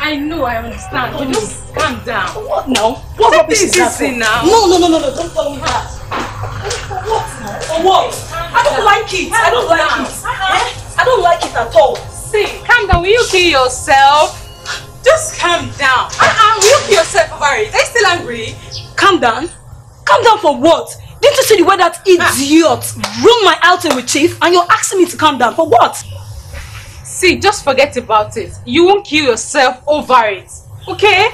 I know, I understand, but oh, just calm down. What now? What Take rubbish is that? Now? No, no, no, no, no, don't call me that. What now? For what? I don't like it. I don't like it. Eh? I don't like it at all. will you kill yourself? Just calm down. Uh-uh, will you kill yourself over it? Are you still angry? Calm down? Calm down for what? Didn't you see the way that idiot ah. ruined my outing with Chief and you're asking me to calm down for what? See, just forget about it. You won't kill yourself over it. Okay?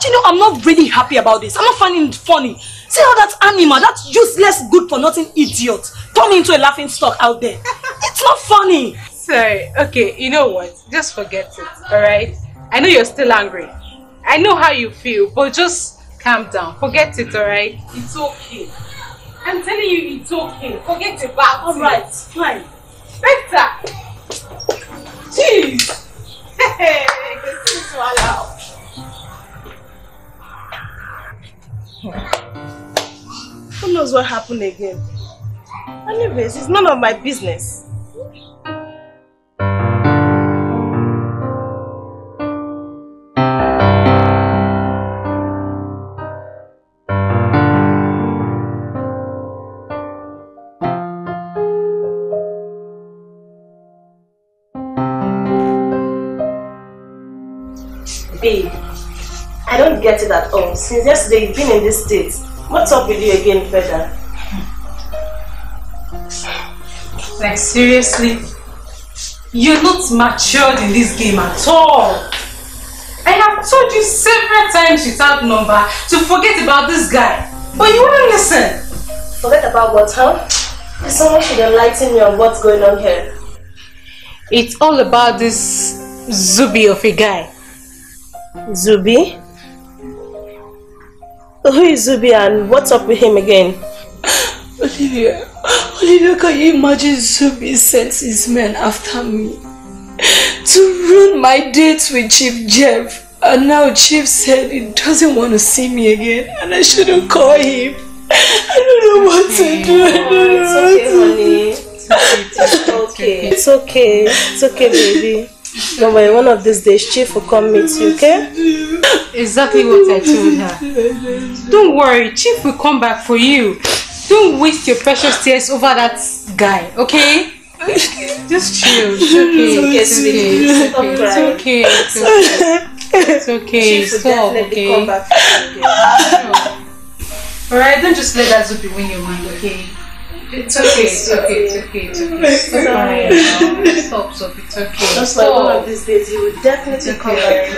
Do you know, I'm not really happy about this. I'm not finding it funny. See how that animal, that useless, good-for-nothing idiot turned into a laughing stock out there. it's not funny. Sorry. Okay, you know what? Just forget it, alright? I know you're still angry. I know how you feel, but just calm down. Forget it, alright? It's okay. I'm telling you, it's okay. Forget about All it. Alright, fine. Better! Jeez! Hey, Who knows what happened again? Anyways, it's none of my business. get it at all. Since yesterday, you've been in this state. What's up with you again, Feda? Like, seriously? You're not matured in this game at all. I have told you several times without number to forget about this guy. But you will not listen. Forget about what, huh? Someone should enlighten me on what's going on here. It's all about this Zubi of a guy. Zubi? Who is Zubi and what's up with him again? Olivia, Olivia, can you imagine Zubi sends his men after me to ruin my dates with Chief Jeff? And now Chief said he doesn't want to see me again and I shouldn't call him. I don't know what to do. I don't know it's okay, what honey. to do. It's okay. It's okay. It's okay, baby. No, but one of these days, Chief will come meet you, okay? Exactly what I told her. Don't worry, Chief will come back for you. Don't waste your precious tears over that guy, okay? Just chill. It's okay. It's okay. It's okay. It's okay. It's okay. okay. Alright, don't just let that be win your mind, okay? It's okay, it's okay, it's okay, it's okay. It's okay. It's okay. Stop, stop, it's okay. Just like one of these days, you will definitely come back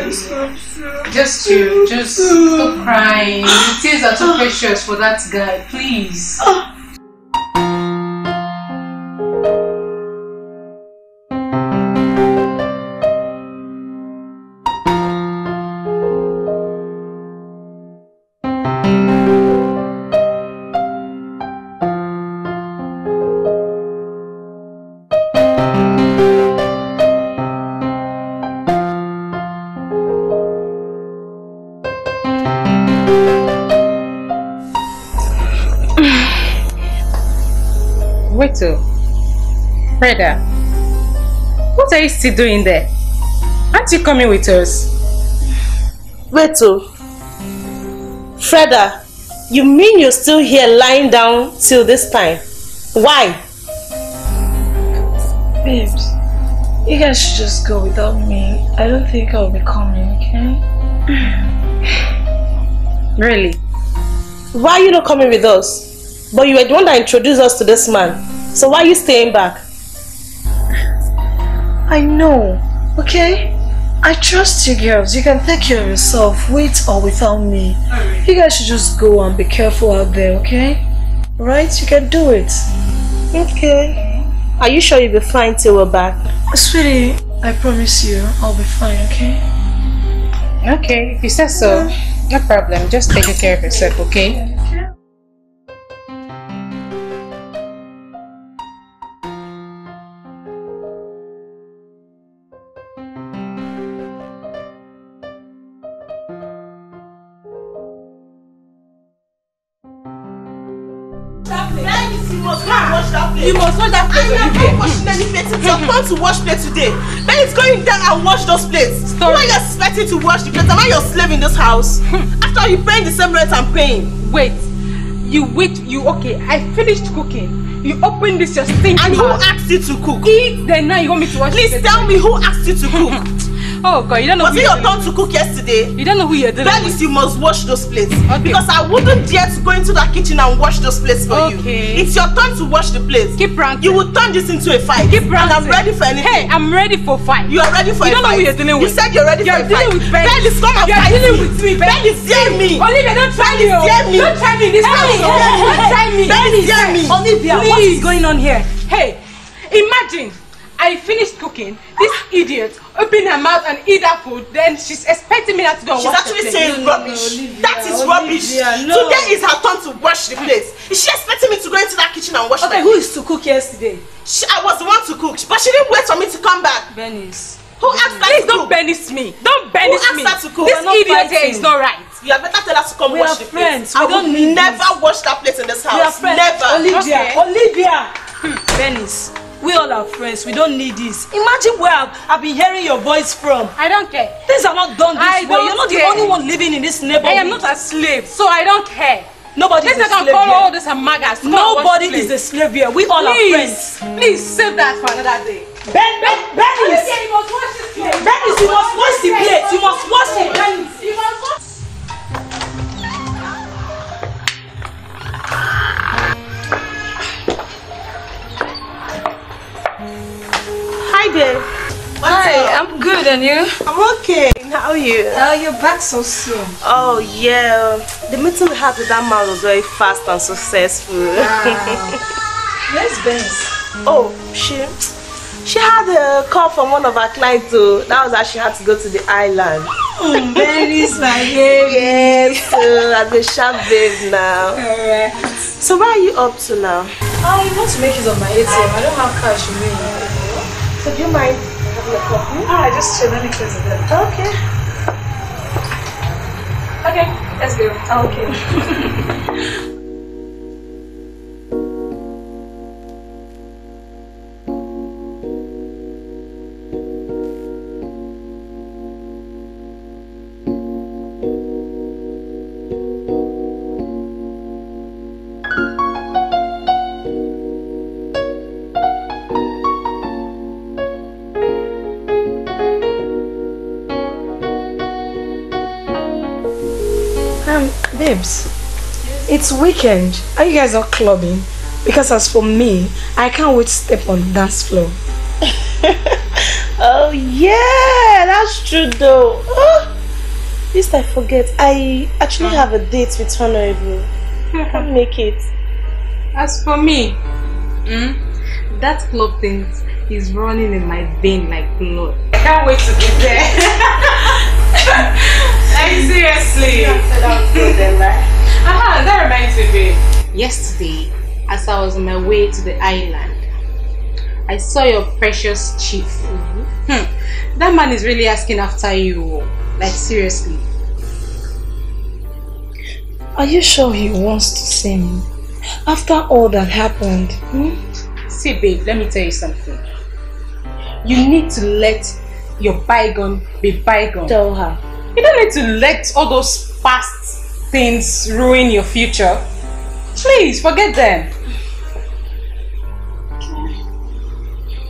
Just to, just stop crying. The tears are too precious for that guy, please. Ah. Wait till. Oh. Brother, what are you still doing there? Aren't you coming with us? Wait till. Oh. Freda, you mean you're still here lying down till this time? Why? Babes, you guys should just go without me. I don't think I'll be coming, okay? really? Why are you not coming with us? But you were the one that introduced us to this man. So why are you staying back? I know, okay? I trust you girls. You can take care of yourself, with or without me. You guys should just go and be careful out there, okay? Right? You can do it. Okay. Are you sure you'll be fine till we're back? Sweetie, I promise you, I'll be fine, okay? Okay, if you said so, yeah. no problem. Just take care of yourself, okay? was not that place I am not washing any plates. It's your turn to wash plates today. Then it's going down and wash those plates. Stop. Who are you expecting to wash the plates? Am I your slave in this house? Hmm. After you paying the same rent I'm paying. Wait. You wait. You okay? I finished cooking. You opened this your stinking And who asked you to cook? Eat then now you want me to wash Please tell me who asked you to cook? Oh God, you don't know. Was it your turn to cook yesterday? You don't know who you're dealing That with. is, you must wash those plates. Okay. Because I wouldn't dare to go into that kitchen and wash those plates for okay. you. Okay. It's your turn to wash the plates. Keep ranting. You will turn this into a fight. Keep ranting. And I'm ready for anything. Hey, I'm ready for fight. You are ready for you a fight. You don't know who you're dealing with. You said you're ready you're for a fight. You're dealing with Ben Bellis, come and you're fight dealing me. with me. Bellis, hear me. Olivia, don't try me. Bellis, oh. hear me. Don't try me. This time, oh. don't try me. Bellis, hear me. Olivia, what is going on here? Hey, imagine. I finished cooking. This idiot opened her mouth and eat that food. Then she's expecting me not to go She's actually saying no, rubbish. No, Olivia, that is rubbish. no. Today is her turn to wash the place. Is she expecting me to go into that kitchen and wash okay, the who is to cook yesterday? She, I was the one to cook, but she didn't wait for me to come back. Venice. Who asked her Please don't banish me. Don't banish me. Who asked her to cook? This idiot here is not right. You had better tell her to come we wash the friends. plate. We I don't will never this. wash that place in this house. We are friends. Never. Olivia. Okay. Olivia. Hmm. Venice. We all are friends. We don't need this. Imagine where I've, I've been hearing your voice from. I don't care. Things are not done this I way. You're not care. the only one living in this neighborhood. I am not a slave, so I don't care. Nobody Please is a slave follow all this amagas. Nobody is a slave here. We all Please. are friends. Please save that for another day. Ben, Ben, Ben is. You must wash the plate. Ben You must wash the plate. You must wash it. You must wash. and you? I'm okay. How are you? Oh, you're back so soon. Oh, yeah. The meeting we had with that man was very fast and successful. Wow. Where's Benz? Oh, she... She had a call from one of our clients too. That was how she had to go to the island. Mm, Benny's my baby. Yes, so I'm the sharp babe now. So what are you up to now? I oh, want to make use of my ATM. I don't have cash with me. So do you mind Ah, I just chill. Let me close the door. Okay. Okay, let's go. Okay. It's weekend Are you guys not clubbing. Because as for me, I can't wait to step on dance floor. oh yeah, that's true though. Oh, least I forget. I actually have a date with Honorable. can't make it. As for me, mm, that club thing is running in my vein like blood. I can't wait to get there. like seriously. Aha, that reminds me. Yesterday, as I was on my way to the island, I saw your precious chief. Hmm. That man is really asking after you. Oh. Like, seriously. Are you sure he wants to see me? After all that happened, hmm? See, babe, let me tell you something. You need to let your bygone be bygone. Tell her. You don't need to let all those past things ruin your future, please forget them.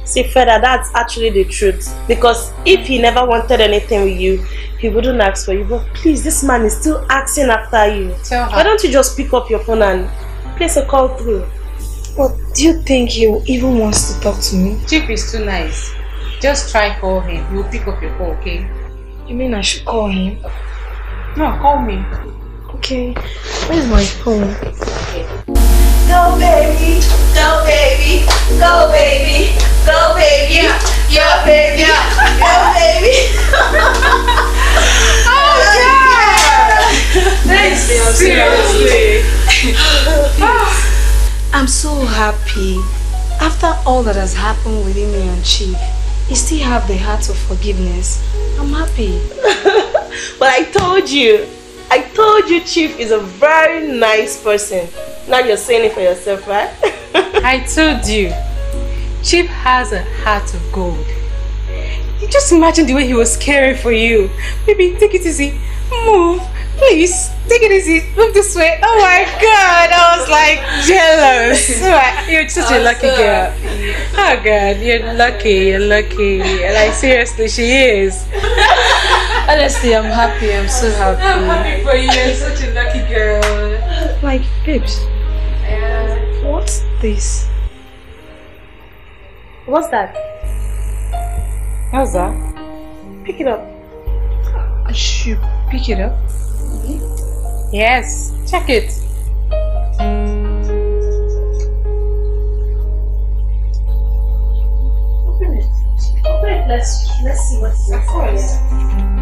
See, Feda, that's actually the truth. Because if he never wanted anything with you, he wouldn't ask for you. But please, this man is still asking after you. Tell her. Why don't you just pick up your phone and place a call through? But do you think he even wants to talk to me? Chip is too nice. Just try call him. He'll pick up your call, okay? You mean I should call him? No, call me. Okay. Where's my phone? Go baby, go baby, go baby, go baby, yeah, yeah baby, yeah, yeah baby. oh yeah! Thanks, seriously. I'm so happy. After all that has happened within me and Chief, you still have the heart of forgiveness. I'm happy. but I told you. I told you Chief is a very nice person. Now you're saying it for yourself, right? I told you. Chief has a heart of gold. You just imagine the way he was caring for you. Baby, take it easy. Move. Please, take it easy. Move this way. Oh my god, I was like jealous. You're such a lucky girl. Oh god, you're lucky, you're lucky. Like seriously, she is. Honestly, I'm happy. I'm so happy. I'm happy for you. You're such a lucky girl. Like, babes. Yeah. What's this? What's that? How's that? Pick it up. I should pick it up. Mm-hmm. Yes, check it. Open it. Open it. Let's let's see what's inside.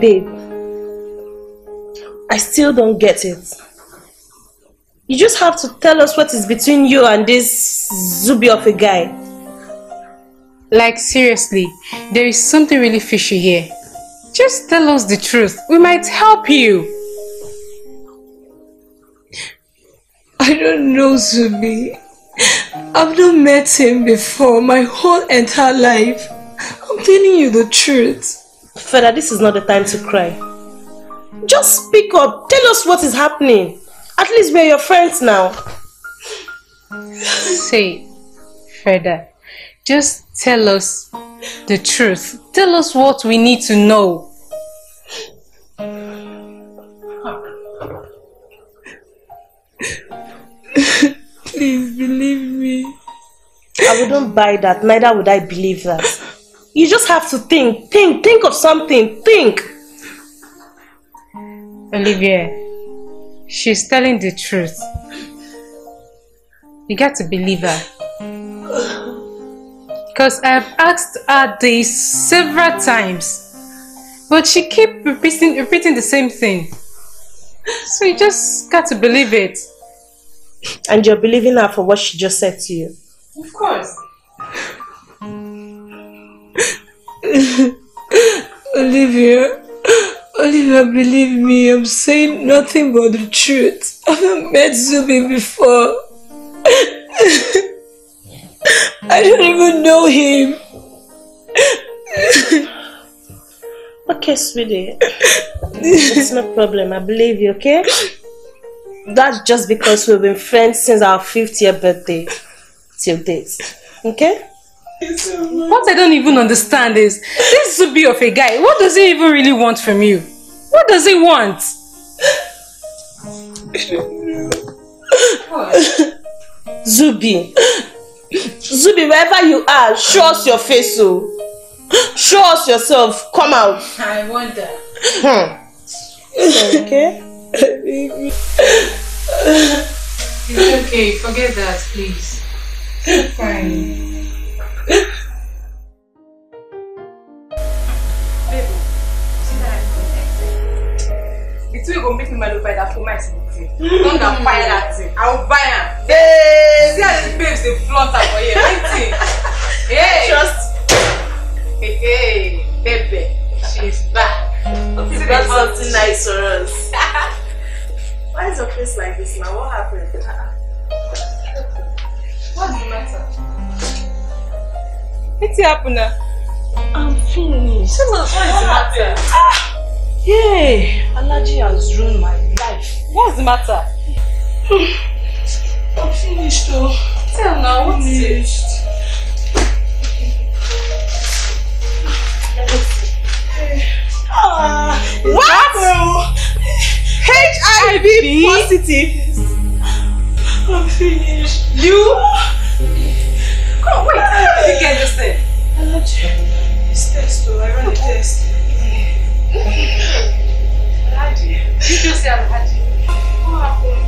Babe, I still don't get it. You just have to tell us what is between you and this zubi of a guy. Like seriously, there is something really fishy here. Just tell us the truth. We might help you. I don't know Zubi. I've not met him before my whole entire life. I'm telling you the truth. Feder, this is not the time to cry. Just speak up. Tell us what is happening. At least we're your friends now. Say, Feder. just tell us the truth. Tell us what we need to know. Please believe me. I wouldn't buy that, neither would I believe that. You just have to think, think, think of something, think. Olivia, she's telling the truth. You got to believe her. Because I've asked her this several times, but she keep repeating, repeating the same thing. So you just got to believe it. And you're believing her for what she just said to you? Of course. Olivia, Olivia, believe me, I'm saying nothing but the truth. I haven't met Zubi before. I don't even know him. okay, sweetie. It's no problem. I believe you, okay? That's just because we've been friends since our 50th birthday till this, Okay? What I don't even understand is this should be of a guy. What does he even really want from you? What does he want? Zubi. Zubi, wherever you are, show us your face, so oh. show us yourself. Come out. I wonder. Hmm. okay. it's okay. Forget that, please. Fine. The two you go make me mad over that for my thing. Don't buy that thing. I will buy am. Babe! See Wetin happen na? I'm finished. What's what the matter? Ah! Yay! Allergy has ruined my life. What's the matter? I'm finished though. Tell now, what is it? Ah, what? HIV positive. I'm finished. You? Come on, wait. Let you get this thing. How much is test? Oh, I run a test. Hadi. you say I'm Hadi? What happened?